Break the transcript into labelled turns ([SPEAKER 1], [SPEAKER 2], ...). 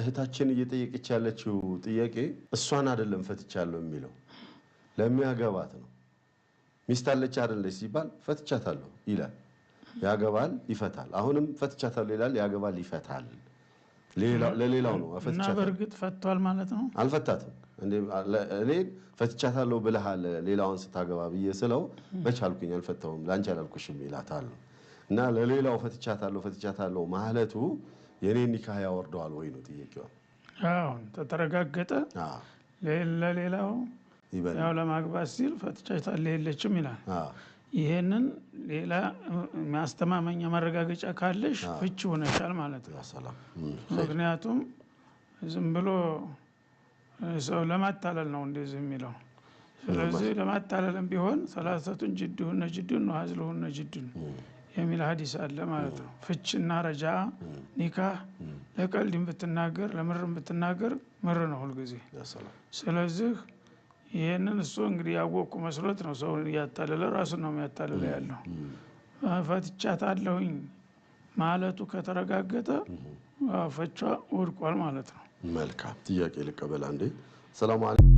[SPEAKER 1] እህታችን እየጠየቀች ያለችው ጥያቄ እሷን አይደለም ፈትቻለሁ የሚለው ለሚያገባት ነው። ሚስት አለች አይደለች ሲባል ፈትቻታለሁ ይላል፣ ያገባል፣ ይፈታል። አሁንም ፈትቻታለሁ ይላል፣ ያገባል፣ ይፈታል። ለሌላው ነው
[SPEAKER 2] እና በእርግጥ ፈቷል ማለት ነው።
[SPEAKER 1] አልፈታትም። እኔ ፈትቻታለሁ ብለሃል ሌላውን ስታገባ ብዬ ስለው መቻልኩኝ አልፈታውም፣ ለአንቺ አላልኩሽም ይላታል። እና ለሌላው ፈትቻታለሁ ፈትቻታለሁ ማለቱ የኔ ኒካህ ያወርደዋል ወይ ነው ጥያቄው።
[SPEAKER 2] አዎ ተረጋገጠ። ለሌላው ያው ለማግባት ሲል ፈትቻ የለችም ይላል። ይሄንን ሌላ ማስተማመኛ ማረጋገጫ ካለሽ ፍች ሆነሻል ማለት ነው። ምክንያቱም ዝም ብሎ ሰው ለማታለል ነው እንደዚህ የሚለው። ስለዚህ ለማታለልም ቢሆን ሰላሰቱን ሁነ ጅድን ነው ሁነ ጅድን የሚል ሀዲስ አለ ማለት ነው። ፍችና ረጃ ኒካህ ለቀልድም ብትናገር ለምርም ብትናገር ምር ነው ሁልጊዜ። ስለዚህ ይህንን እሱ እንግዲህ ያወቅኩ መስሎት ነው ሰው እያታለለ ራሱን ነው የሚያታለለ ያለው። አለሁኝ ማለቱ ከተረጋገጠ ፈቿ ወድቋል ማለት ነው።
[SPEAKER 1] መልካም ጥያቄ ልቀበል አንዴ። ሰላም